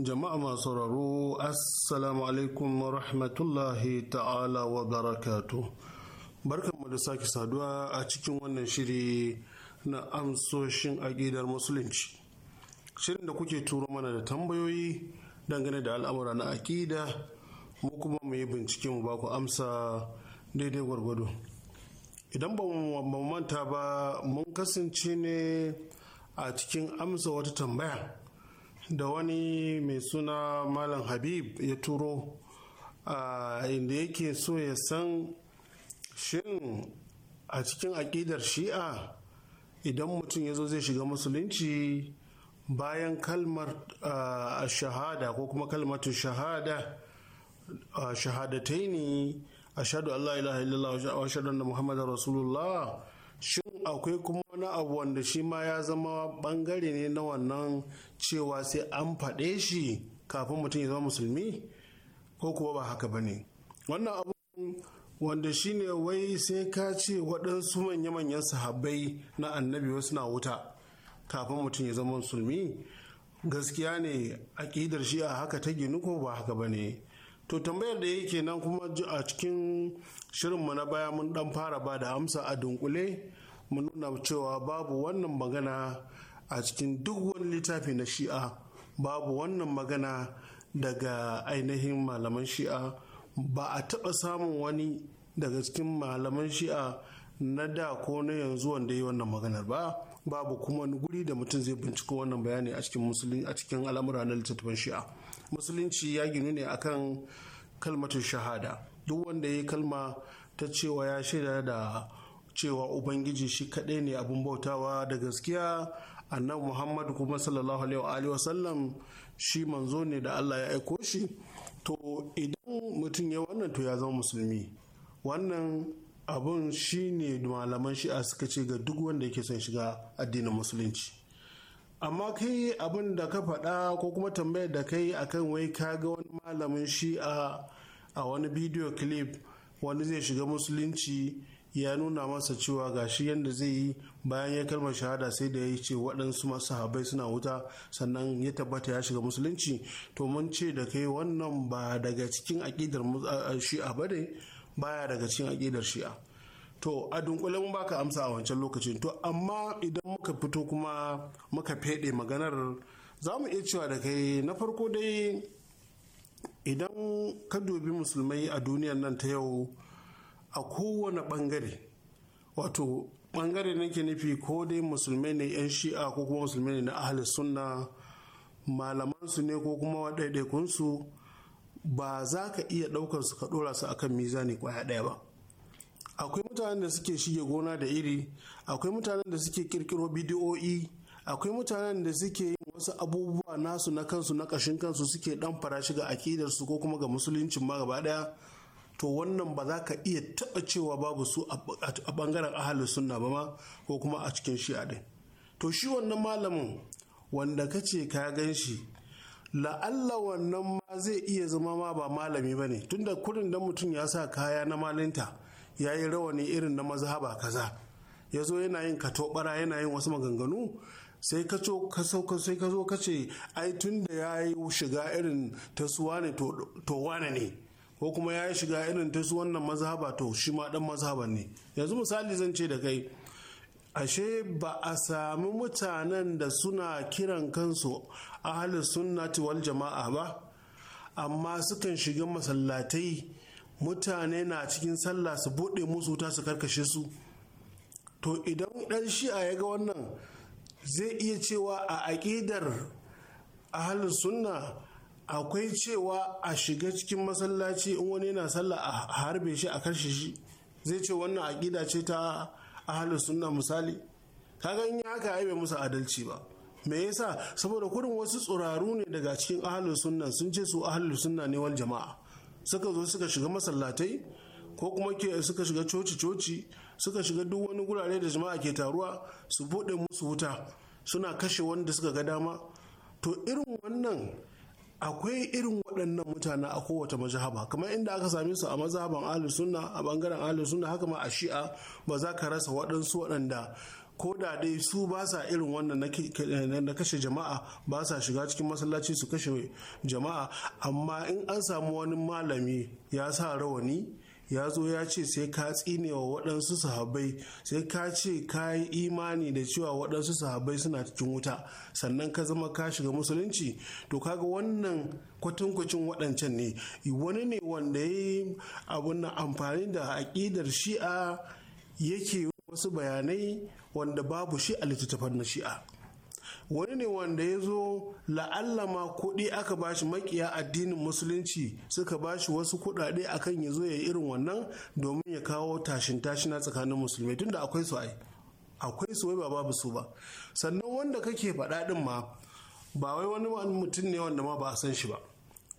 Jama'a masu sauraro Assalamu alaikum wa rahmatullahi ta'ala wa barakatu. Barkanmu da sake saduwa a cikin wannan shiri na amsoshin aƙidar musulunci. Shirin da kuke turo mana da tambayoyi dangane da al'amura na aƙida mu kuma mu yi bincike mu baku amsa daidai gwargwado. Idan ba mu manta ba mun kasance ne a cikin amsa wata tambaya. da wani mai suna malam habib ya turo inda yake so ya san shin a cikin aƙidar shi'a idan mutum ya zo zai shiga musulunci bayan kalmar shahada ko kuma kalmatu shahada shahadatai ne ashadu allah ilaha illallah wa ashadu anna muhammadar rasulullah shin akwai kuma wani abu wanda shi ma ya zama bangare ne na wannan cewa sai an faɗe shi kafin mutum ya zama musulmi ko kuwa ba haka ba ne wannan abu wanda shi ne wai sai ka ce waɗansu manya-manyan sahabbai na annabi wasu na wuta kafin mutum ya zama musulmi gaskiya ne aƙidar shi a haka ta ginu ko ba haka ba ne to tambayar da yake nan kuma a cikin shirinmu na baya mun dan fara ba da amsa a dunkule mun nuna cewa babu wannan magana a cikin duk wani littafi na shi'a babu wannan magana daga ainihin malaman shi'a ba a taɓa samun wani daga cikin malaman shi'a na da ko na yanzu wanda yi wannan maganar ba babu kuma guri da mutum zai binciko wannan bayani a cikin musulun a cikin al'amura na littattafan shi'a musulunci ya ginu ne akan kalmatu shahada duk wanda ya kalma ta cewa ya shaida da cewa ubangiji shi kaɗai ne abin bautawa da gaskiya annabi muhammadu kuma sallallahu alaihi wa sallam shi manzo ne da allah ya aiko shi to idan mutum ya wannan to ya zama musulmi wannan abun shi ne malaman shi'a suka ce ga duk wanda yake son shiga addinin musulunci amma kai abin da ka faɗa ko kuma tambayar da kai akan wai ka ga wani malamin shi'a a wani bidiyo clip wani zai shiga musulunci ya nuna masa cewa gashi yadda zai yi bayan ya kalmar shahada sai da ya ce waɗansu masu habai suna wuta sannan ya tabbata ya shiga musulunci to mun ce da kai wannan ba daga cikin aƙidar shi'a ba ne baya daga cikin aƙidar shi'a to a dunkule mun baka amsa a wancan lokacin to amma idan muka fito kuma muka fede maganar za mu iya cewa da kai na farko dai idan ka dubi musulmai a duniyar nan ta yau a kowane bangare wato bangare ke nufi ko dai musulmai ne 'yan shi'a ko kuma musulmai ne na ahli sunna malamansu ne ko kuma ɗaiɗaikunsu ba za ka iya daukar su ka ɗora su akan mizani kwaya ɗaya ba akwai mutanen da suke shige gona da iri akwai mutanen da suke kirkiro bidiyo'i akwai mutanen da suke yin wasu abubuwa nasu na kansu na kashin kansu suke dan fara shiga akidar su ko kuma ga musuluncin ma gaba daya to wannan ba za ka iya taba cewa babu su a bangaren ahalu sunna ba ma ko kuma a cikin shi'a adai to shi wannan malamin wanda kace ce ka gan shi la'alla wannan ma zai iya zama ma ba malami ba ne tunda kurin dan mutum ya sa kaya na malinta ya yi rawani irin na mazhaba kaza ya zo yana yin katobara yana yin wasu maganganu sai ka sai ka zo ka ce ai tun ya yi shiga irin ta suwa ne to wane ne ko kuma ya yi shiga irin ta wannan mazhaba to shi ma dan mazhaban ne yanzu misali zan ce da kai ashe ba a sami mutanen da suna kiran kansu ahalin sunnati wal jama'a ba amma sukan shiga masallatai mutane na cikin sallah su buɗe musu wuta su karkashe su to idan ɗan shi'a ya ga wannan zai iya cewa a aƙidar ahalin sunna akwai cewa a shiga cikin masallaci in wani yana sallah a harbe shi a karshe shi zai ce wannan aƙida ce ta ahalin sunna misali kaga in ya haka aibe musu adalci ba me yasa saboda kurin wasu tsuraru ne daga cikin ahalin sunna sun ce su ahalin sunna ne wal jama'a suka zo suka shiga masallatai ko kuma suka shiga coci-coci suka shiga duk wani gurare da jama'a ke taruwa su buɗe musu wuta suna kashe wanda suka ga dama to irin wannan akwai irin waɗannan mutane a kowace mazhaba kamar inda aka same su a mazhaban ahlus sunna a bangaren ahlus sunna haka ma a shi'a ba za ka rasa waɗansu waɗanda ko da dai su ba sa irin wannan eh, na kashe jama'a ba sa shiga cikin masallaci su kashe jama'a amma in an samu wani malami ya sa rawani ya zo ya ce sai ka tsine wa waɗansu sahabbai sai ka ce ka yi imani da cewa waɗansu sahabbai suna cikin wuta sannan ka zama ka shiga musulunci to kaga wannan kwatankwacin waɗancan ne wani ne wanda ya yi abun amfani da aƙidar shi'a yake wasu bayanai wanda babu shi a littattafan na shi'a wani ne wanda ya zo la'allama kuɗi aka bashi makiya addinin musulunci suka bashi wasu kuɗaɗe akan ya zo ya irin wannan domin ya kawo tashin tashi na tsakanin musulmai tunda akwai su akwai su ba babu su ba sannan wanda kake faɗa ɗin ma ba wai wani mutum ne wanda ma ba a san shi ba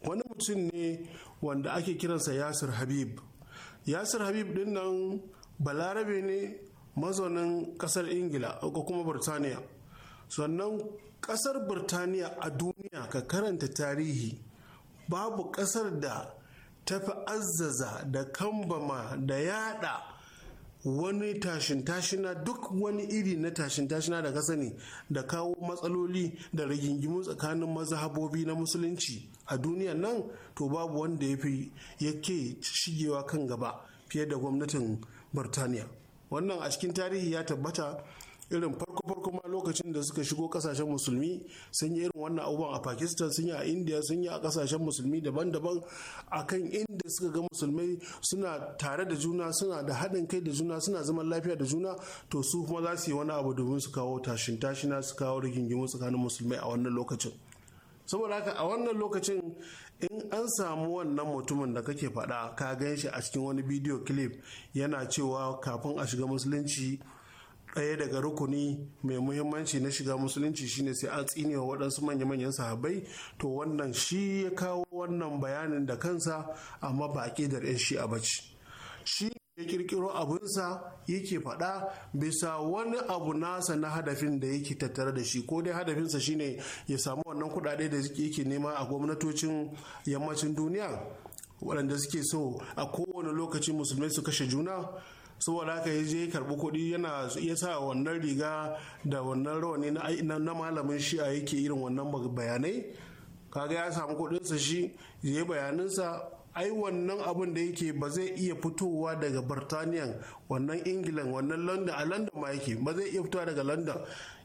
wani mutum ne wanda ake kiransa yasir habib yasir habib ɗin nan balarabe ne mazaunin kasar ingila ko kuma burtaniya sannan kasar burtaniya a duniya ka karanta tarihi babu kasar da tafi azzaza da kambama da yada wani tashin tashina duk wani iri na tashin tashina da kasani da kawo matsaloli da rigingimu tsakanin mazhabobi na musulunci a duniya nan to babu wanda ya fi yake shigewa kan gaba fiye da gwamnatin burtaniya wannan a cikin tarihi ya tabbata irin farko farko ma lokacin da suka shigo kasashen musulmi sun yi irin wannan abubuwan a pakistan sun yi a india sun yi a kasashen musulmi daban-daban a kan inda suka ga musulmai suna tare da juna suna da haɗin kai da juna suna zaman lafiya da juna to su kuma za su yi wani abu domin su kawo tashin tashina su kawo rigingimu tsakanin musulmai a wannan lokacin saboda haka a wannan lokacin in an samu wannan mutumin da kake faɗa ka gan shi a cikin wani bidiyo clip yana cewa kafin a shiga musulunci ɗaya daga rukuni mai muhimmanci na shiga musulunci shine sai an tsinewa waɗansu manya-manyan sahabbai to wannan shi ya kawo wannan bayanin da kansa amma ba a ƙidar 'yan shi'a ba shi ya kirkiro abinsa yake faɗa bisa wani abu nasa na hadafin da yake tattare da shi ko dai hadafinsa shine ya samu wannan kuɗaɗe da yake nema a gwamnatocin yammacin duniya waɗanda suke so a kowane lokaci musulmai su kashe juna saboda haka ya je karbi kuɗi yana ya sa wannan riga da wannan rawani na malamin shi shi'a yake irin wannan bayanai kaga ya samu kuɗinsa shi ya yi bayaninsa ai wannan abun da yake ba zai iya fitowa daga birtaniya wannan ingilan wannan london a london ma yake ba zai iya fitowa daga london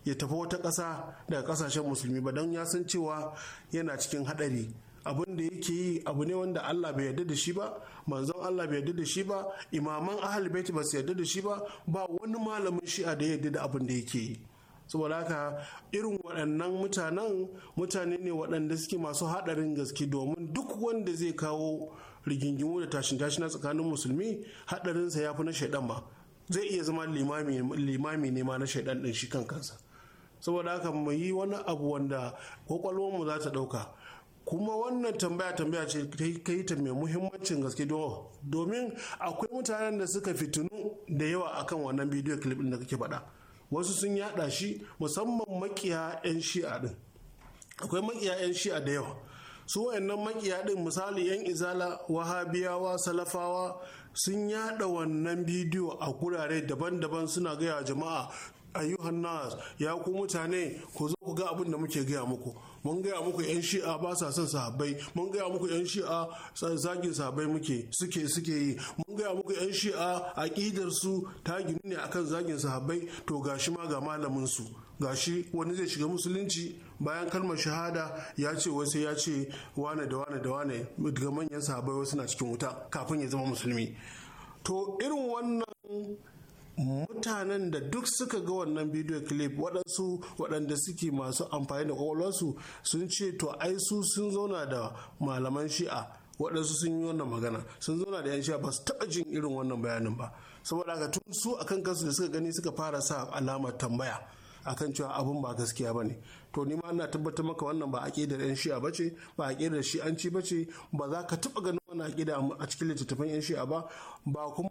ya tafi wata ƙasa daga ƙasashen musulmi ba don ya san cewa yana cikin haɗari Abun da yake yi abu ne wanda Allah bai yarda da shi ba manzon Allah bai yarda da shi ba imaman ahal bait ba su yarda da shi ba ba wani malamin shi'a da yarda da abun da yake yi saboda haka irin waɗannan mutanen mutane ne waɗanda suke masu haɗarin gaske domin duk wanda zai kawo rigingimu da tashin na tsakanin musulmi haɗarinsa ya fi na shaidan ba zai iya zama limami ne ma na shaidan ɗin shi kan kansa saboda haka mu yi wani abu wanda mu za ta ɗauka kuma wannan tambaya tambaya ce ta yi ta mai muhimmancin gaske domin akwai mutanen da suka fitinu da yawa akan wannan bidiyo clip da kake faɗa wasu sun yada shi musamman makiya 'yan shi'a din akwai makiya 'yan shi'a da yawa su wayannan makiya din misali 'yan izala wahabiyawa salafawa sun yada wannan bidiyo a gurare daban-daban suna gaya jama'a ayyuhan nas ya ku mutane ku zo ku ga abin da muke gaya muku mun gaya muku yan shi'a ba sa son sahabbai mun gaya muku yan shi'a zagin sahabbai muke suke suke yi mun gaya muku yan shi'a aƙidar su ta ginu ne akan zagin sahabbai to gashi ma ga malamin su gashi wani zai shiga musulunci bayan kalmar shahada ya ce sai ya ce wane da wane da wane daga manyan sahabbai wasu na cikin wuta kafin ya zama musulmi to irin wannan mutanen da duk suka ga wannan bidiyo clip waɗansu waɗanda suke masu amfani da kwakwalwarsu sun ce to ai su sun zauna da malaman shi'a waɗansu sun yi wannan magana sun zauna da 'yan shi'a ba su taɓa jin irin wannan bayanin ba saboda haka tun su akan kansu da suka gani suka fara sa alamar tambaya akan cewa abun ba gaskiya ba ne to ni ma ina tabbatar maka wannan ba aƙidar yan shi'a ce ba aƙidar an ci ba ce ba za ka taɓa ganin wannan aƙida a cikin littattafan yan shi'a ba ba kuma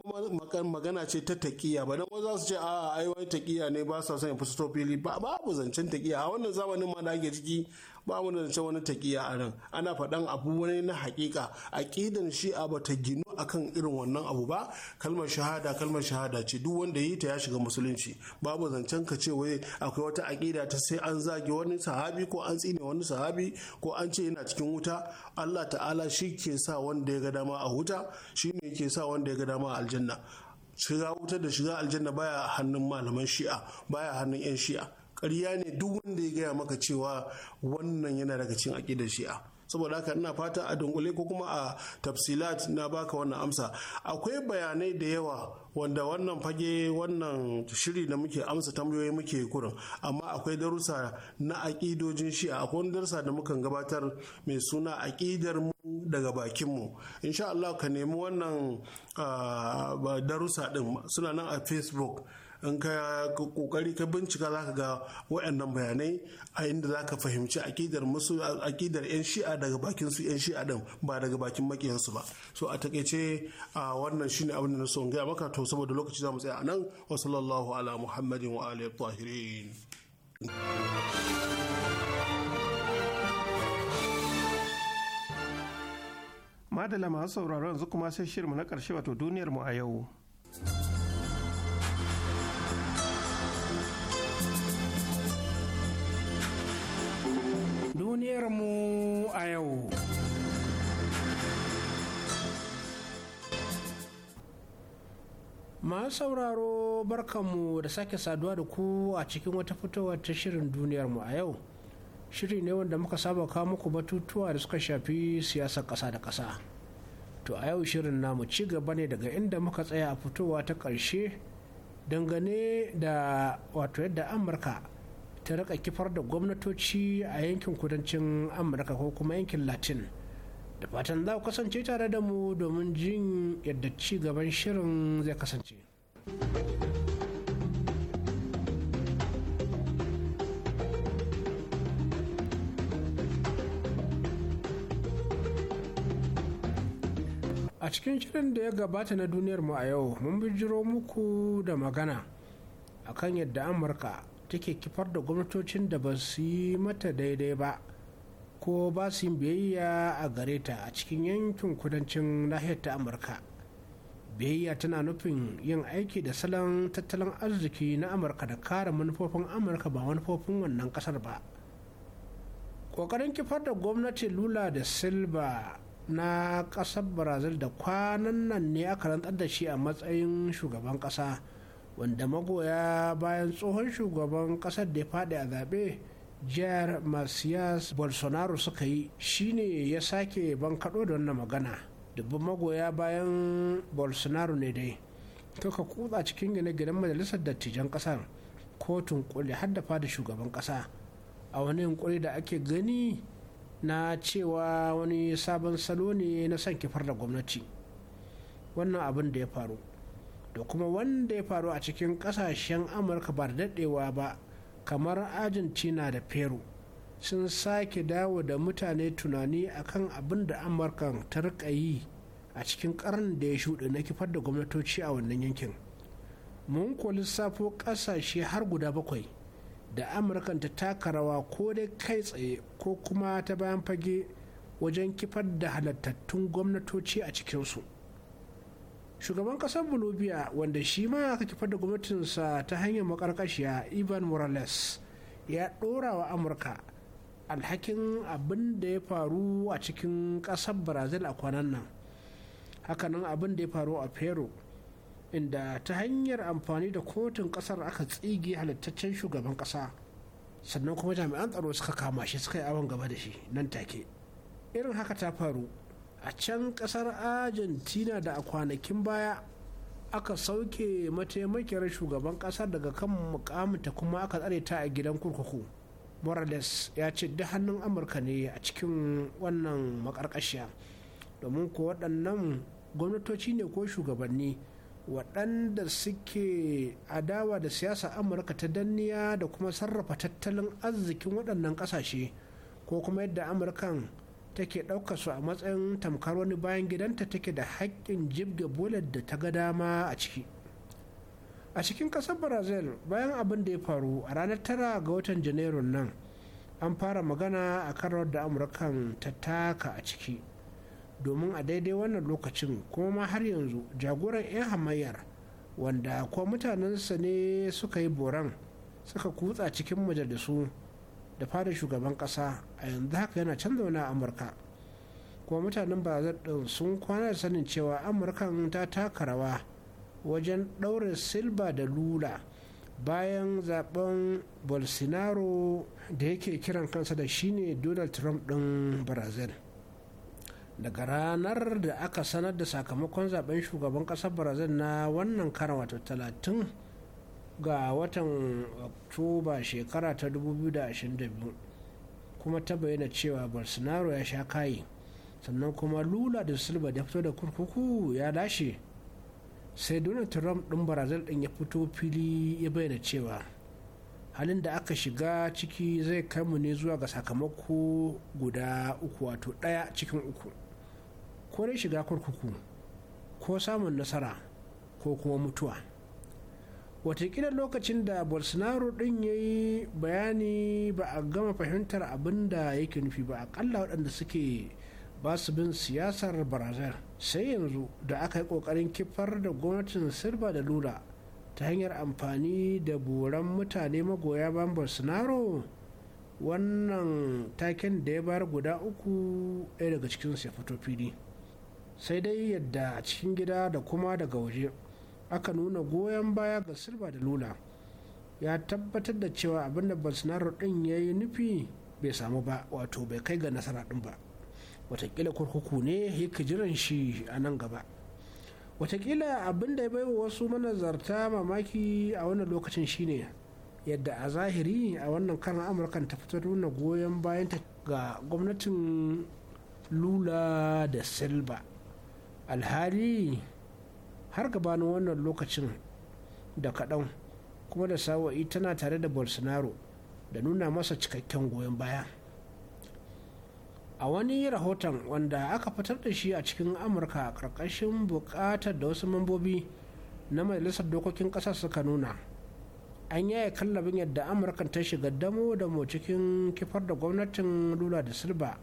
magana ce ta taƙiya ba dan wasu za su ce a ai wai taƙiya ne ba sa son ya fito fili ba babu zancen taƙiya a wannan zamanin ma da ake ciki ba mu da wani taƙiya a ran ana faɗan abu wani na haƙiƙa aƙidan shi'a ba ta ginu akan irin wannan abu ba kalmar shahada kalmar shahada ce duk wanda yi ta ya shiga musulunci babu zancen ka ce wai akwai wata aƙida ta sai an zage wani sahabi ko an tsine wani sahabi ko an ce yana cikin wuta Allah ta'ala shi ke sa wanda ya ga dama a wuta shi ne ke sa wanda ya ga dama a aljanna shiga wuta da shiga aljanna baya hannun malaman shi'a baya hannun 'yan shi'a ƙarya ne duk wanda ya gaya maka cewa wannan yana daga cikin aƙidar shi'a saboda haka ina fata a dunkule ko kuma a tafsilat na baka wannan amsa akwai bayanai da yawa wanda wannan fage wannan shiri da muke amsa tambayoyi muke kurin amma akwai darussa na aƙidojin shi'a akwai darussa da mukan gabatar mai suna aƙidar mu daga bakin mu insha Allah ka nemi wannan ah, darussa din suna nan a facebook in ka kokari ka bincika zaka ga waɗannan bayanai a inda zaka fahimci akidar musu akidar yan shi'a daga bakin su yan shi'a din ba daga bakin su ba so a takeice a wannan shine abin da na so in gaya maka to saboda lokaci zamu tsaya anan nan wa sallallahu ala muhammadin wa alihi tahirin madala masu sauraron yanzu kuma sai shirmu na ƙarshe wato duniyar mu a yau. duniyarmu a yau. Masu sauraro barkanmu da sake saduwa da ku a cikin wata fitowar ta shirin duniyarmu a yau. Shiri ne wanda muka saba kawo muku batutuwa da suka shafi siyasar ƙasa da ƙasa. To a yau shirin namu ci gaba ne daga inda muka tsaya a fitowa ta ƙarshe dangane da wato yadda Amurka ta rika kifar da gwamnatoci a yankin kudancin amurka ko kuma yankin latin da fatan za ku kasance tare da mu domin jin yadda ci gaban shirin zai kasance a cikin shirin da ya gabata na duniyar mu a yau mun bijiro muku da magana akan yadda amurka take kifar da gwamnatocin da ba su yi mata daidai ba ko ba su yin biyayya a gare ta a cikin yankin kudancin nahiyar ta amurka biyayya tana nufin yin aiki da salon tattalin arziki na amurka da kare manufofin amurka ba manufofin wannan kasar ba ƙoƙarin kifar da gwamnati lula da silba na ƙasar brazil da kwanan nan ne aka rantsar da shi a matsayin shugaban ƙasa wanda magoya bayan tsohon shugaban kasar da ya faɗi a zaɓe jihar masiyas bolsonaro suka yi shine ya sake ban kaɗo da wannan magana dubban magoya bayan bolsonaro ne dai suka kutsa cikin gine-ginen majalisar dattijan kasar kotun kuli haddafa da shugaban kasa a wani yunkuri da ake gani na cewa wani sabon salo ne na son kifar da gwamnati wannan abin da ya faru da kuma wanda ya faru a cikin kasashen amurka ba da daɗewa ba kamar argentina da peru sun sake dawo da mutane tunani akan abin da amurkan ta rika yi a cikin karnin da ya shuɗe na kifar da gwamnatoci a wannan yankin mun kuwa lissafo ƙasashe har guda bakwai da amurkan ta taka rawa ko dai kai tsaye ko kuma ta bayan fage wajen kifar da halattattun gwamnatoci a cikinsu shugaban kasar bolivia wanda shi ma ya saki da gwamnatinsa ta hanyar makarkashiya ivan morales ya dora wa amurka alhakin abin da ya faru a cikin kasar brazil a kwanan nan hakanan abin da ya faru a peru inda ta hanyar amfani da kotun kasar aka tsige halittaccen shugaban kasa sannan kuma jami'an tsaro suka kama shi suka yi awon gaba da shi nan take irin haka ta faru a can kasar argentina da a kwanakin baya aka sauke mataimakiyar shugaban kasar daga kan mukamita kuma aka tsare ta a gidan kurkuku morales ya ce duk hannun amurka ne a cikin wannan makarkashiya domin ko waɗannan gwamnatoci ne ko shugabanni waɗanda suke adawa da siyasa amurka ta danniya da kuma sarrafa tattalin arzikin waɗannan ƙasashe ko kuma yadda amurkan take ɗauka su a matsayin tamkar wani bayan gidanta take da haƙƙin jibge bolar da ta ga dama a ciki a cikin ƙasar brazil bayan abin da ya faru a ranar tara ga watan janairun nan an fara magana a kan da amurkan ta taka a ciki domin a daidai wannan lokacin kuma ma har yanzu jagoran 'yan hamayyar wanda kuwa mutanensa ne suka yi boran suka kutsa cikin majalisu da fara shugaban ƙasa a yanzu haka yana canza zaune a amurka kuma mutanen brazil ɗin sun kwana da sanin cewa amurkan ta taka rawa wajen ɗaure silba da lula bayan zaben bolsonaro da yake kiran kansa da shine donald trump ɗin brazil daga ranar da aka sanar da sakamakon zaben shugaban ƙasar brazil na wannan karan wata talatin ga watan oktoba shekara ta 2022 kuma ta bayyana cewa bolsonaro ya sha kayi sannan kuma lula da silba da fito da kurkuku ya lashe sai donald trump ɗin barazil ɗin ya fito fili ya bayyana cewa halin da aka shiga ciki zai kai mu ne zuwa ga sakamako guda uku wato ɗaya cikin uku ko dai shiga kurkuku ko samun nasara ko kuma mutuwa watakila lokacin da bolsonaro din ya yi bayani ba a gama fahimtar abin da yake nufi ba akalla waɗanda suke ba su bin siyasar brazil sai yanzu da aka yi ƙoƙarin kifar da gwamnatin silva da lula ta hanyar amfani da buran mutane magoya ban bolsonaro wannan taken da ya bayar guda uku ɗaya daga cikinsu ya fito fili sai dai yadda a cikin gida da kuma daga waje aka nuna goyon baya ga silba da lula ya tabbatar da cewa abinda bolsonaro din ya yi nufi bai samu ba wato bai kai ga nasara din ba watakila kurkuku ne yake jiran shi a nan gaba watakila abinda ya bai wa wasu manazarta mamaki a wannan lokacin shine yadda a zahiri a wannan karin amurkan ta fitar nuna goyon bayanta ga gwamnatin lula da silba alhali har gabanin wannan lokacin da kaɗan kuma da sawa'i tana tare da bolsonaro da nuna masa cikakken goyon baya a wani rahoton wanda aka fitar da shi a cikin amurka a ƙarƙashin buƙatar da wasu mambobi na majalisar dokokin ƙasa suka nuna an yaya kallabin yadda amurkan ta shiga damo da mu cikin kifar da gwamnatin lula da silba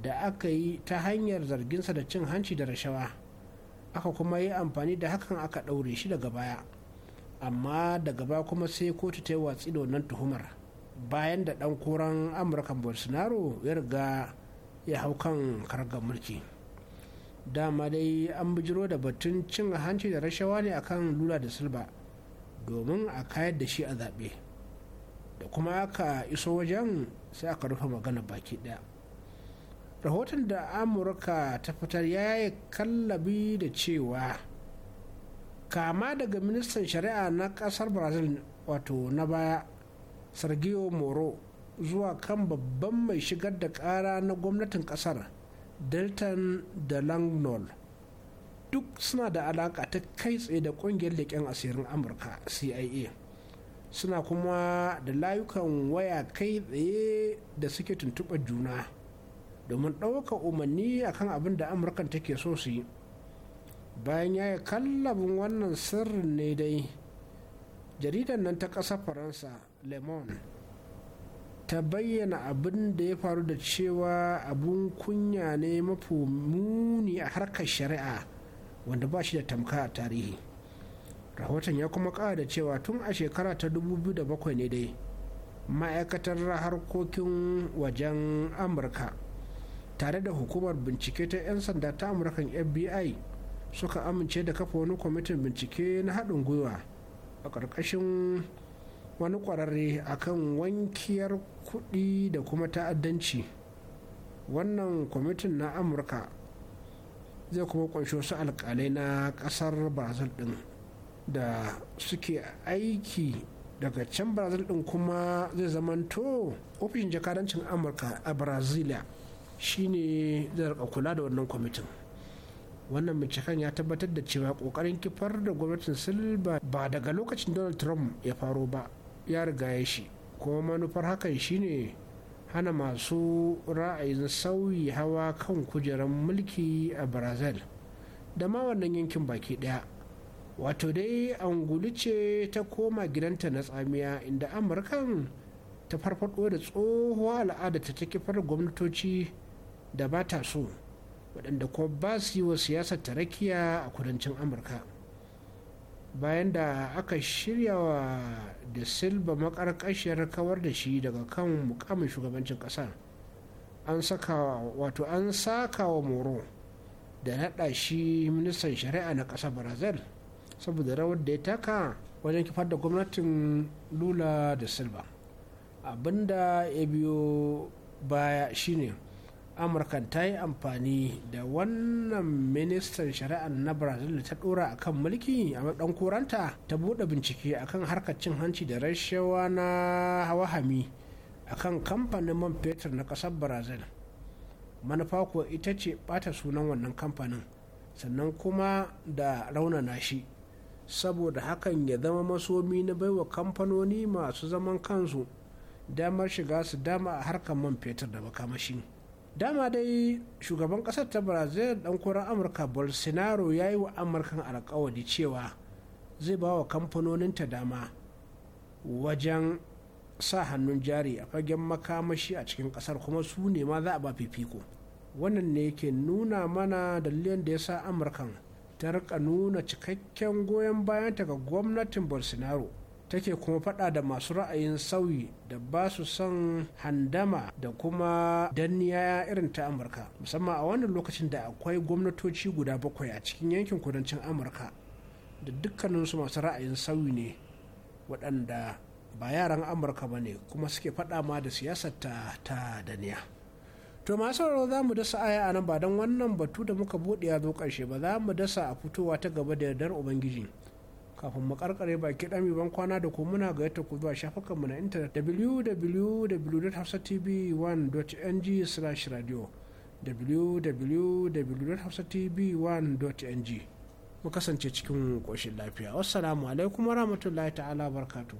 da aka yi ta hanyar zarginsa da cin hanci da rashawa. aka kuma yi amfani da hakan aka ɗaure shi daga baya amma daga baya kuma sai kotu ta yi watsi da wannan tuhumar bayan da ɗan koran amurka bolsonaro ya riga ya hau kan kargar mulki dama dai an bijiro da batun cin hanci da rashawa ne akan lula da silba domin a kayar da shi a zaɓe da kuma aka iso wajen sai aka rufe magana baki ɗaya rahoton da amurka ta fitar ya yi kallabi da cewa kama daga ministan shari'a na kasar brazil wato na baya sergio moro zuwa kan babban mai shigar da kara na gwamnatin kasar dalton da langnol duk suna da alaka ta kai tsaye da kungiyar leƙen asirin amurka cia suna kuma da layukan waya kai tsaye da suke tuntuɓar juna domin ɗaukar umarni akan abin da amurkan take so su yi bayan ya yi kallabin wannan sirrin ne dai jaridar nan ta ƙasar faransa le monde ta bayyana abin da ya faru da cewa abun kunya ne mafi muni a harkar shari'a wanda ba shi da tamka a tarihi rahoton ya kuma ƙara da cewa tun a shekara ta 2007 ne dai ma'aikatar harkokin wajen amurka tare da hukumar bincike ta 'yan sanda ta amurkan fbi suka amince da kafa wani kwamitin bincike na haɗin gwiwa a ƙarƙashin wani ƙwararre a kan wankiyar kuɗi da kuma ta'addanci wannan kwamitin na amurka zai kuma ƙunshi wasu alƙalai na ƙasar brazil ɗin da suke aiki daga can brazil ɗin kuma zai zamanto ofishin jakadancin amurka a brazilia shine zai rika kula da wannan kwamitin wannan binciken ya tabbatar da cewa kokarin kifar da gwamnatin silba ba daga lokacin donald trump ya faro ba ya riga ya shi kuma manufar hakan shine hana masu ra'ayin sauyi hawa kan kujerar mulki a brazil da ma wannan yankin baki daya wato dai angulu ce ta koma gidanta na tsamiya inda amurkan ta farfado da tsohuwa al'ada ta kifar gwamnatoci da ba ta so waɗanda kuma ba su yi wa siyasar tarakiya a kudancin amurka bayan da aka shirya wa da silba makarƙashiyar kawar da shi daga kan mukamin shugabancin ƙasar an saka wato an saka wa moro da naɗa shi ministan shari'a na ƙasar brazil saboda rawar da ya taka wajen kifar da gwamnatin lula da silba abinda ya biyo baya shine amurka ta yi amfani da wannan ministan shari'a na brazil da ta dora kan mulki a dan koranta ta buɗe bincike akan harkar cin hanci da rashawa na hawahami kan kamfanin man fetur na ƙasar brazil manufa kuwa ita ce bata sunan wannan kamfanin sannan kuma da raunana shi saboda hakan ya zama masomi na baiwa kamfanoni masu zaman kansu damar shiga su dama a harkar man fetur da makamashi. dama dai shugaban kasar ta brazil dan kuran amurka bolsonaro ya yi wa amurkan alkawari cewa zai ba wa kamfanoninta dama wajen sa hannun jari a fagen makamashi a cikin kasar kuma su ne ma za a ba fifiko wannan ne yake nuna mana dalilin da ya sa amurkan ta rika nuna cikakken goyon bayanta ga gwamnatin bolsonaro take kuma fada da masu ra'ayin sauyi da ba su son handama da kuma danniya irin ta amurka musamman a wannan lokacin da akwai gwamnatoci guda bakwai a cikin yankin kudancin amurka da dukkaninsu masu ra'ayin sauyi ne waɗanda ba yaran amurka ba ne kuma suke fada ma da siyasar ta ta daniya to masu sauraro za mu dasa aya a nan ba don wannan batu da muka buɗe ya zo ƙarshe ba za mu dasa a fitowa ta gaba da yardar ubangiji kafin mu karkare baki dami ban kwana da kuma muna gayyata ku zuwa mu na intanet www.hafsatv1.ng/radio www.hafsatv1.ng mu kasance cikin koshin lafiya wassalamu alaikum warahmatullahi ta'ala barkatu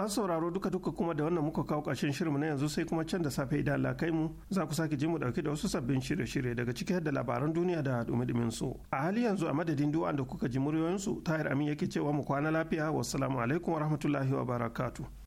masu sauraro duka duka kuma da wannan muka kawo ƙarshen shirinmu na yanzu sai kuma can da safe idan Allah kai mu za ku sake ji mu dauke da wasu sabbin shirye-shirye daga ciki da labaran duniya da dumi su a hali yanzu a madadin duwan da kuka ji muryoyinsu tahir amin yake cewa mu kwana lafiya wassalamu alaikum wa barakatu.